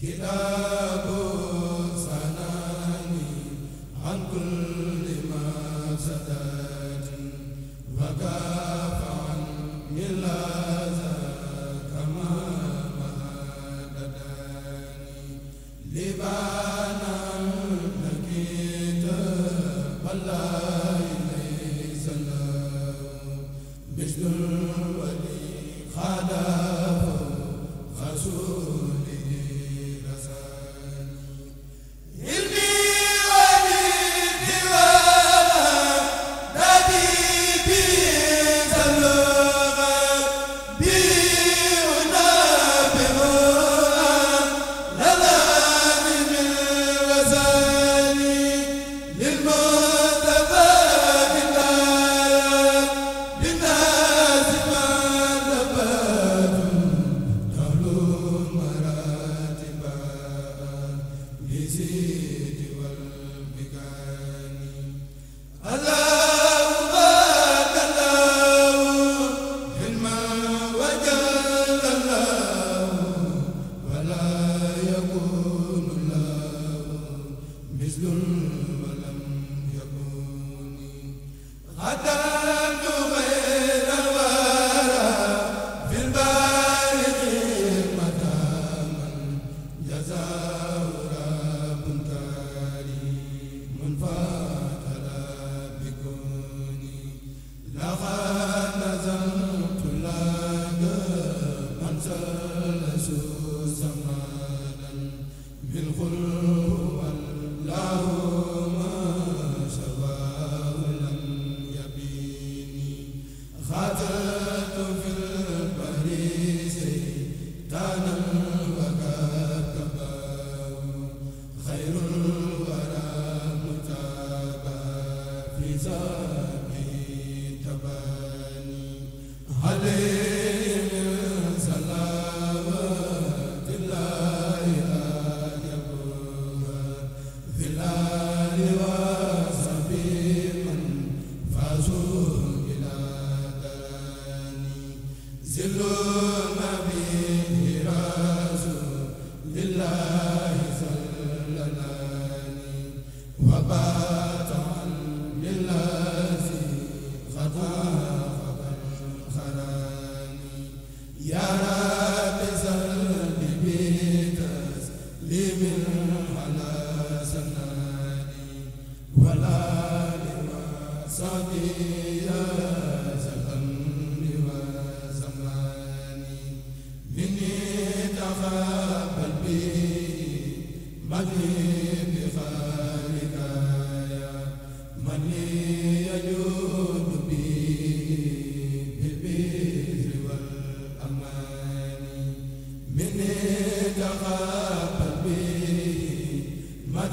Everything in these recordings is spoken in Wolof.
kita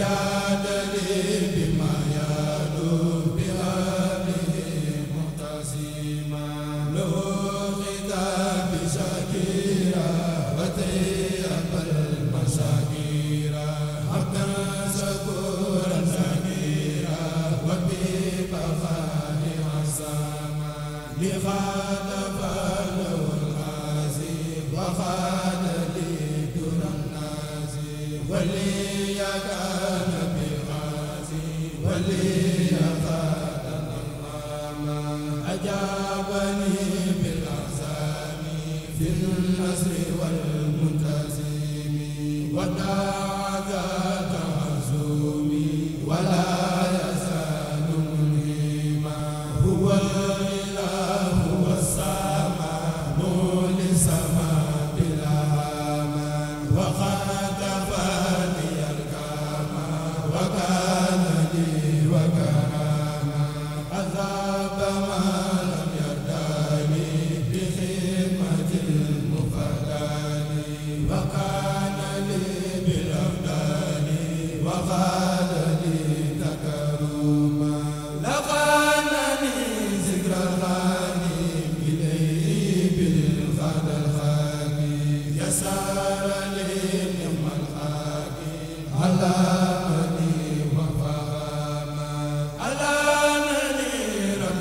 yaa wala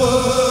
love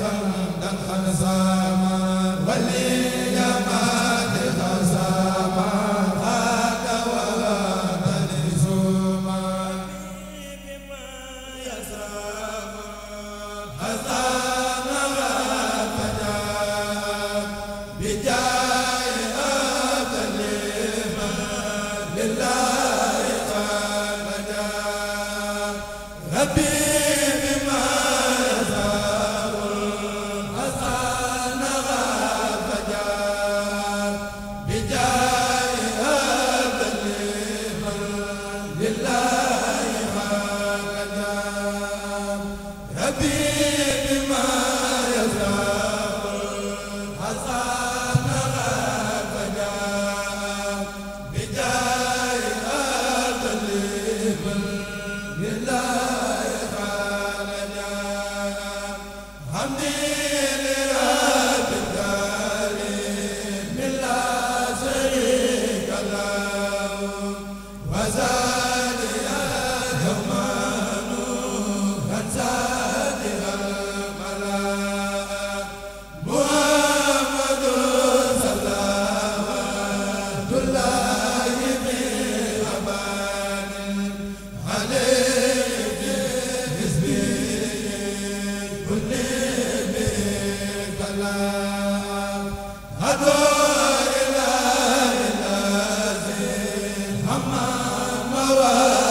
حمدا خلصا ولي wa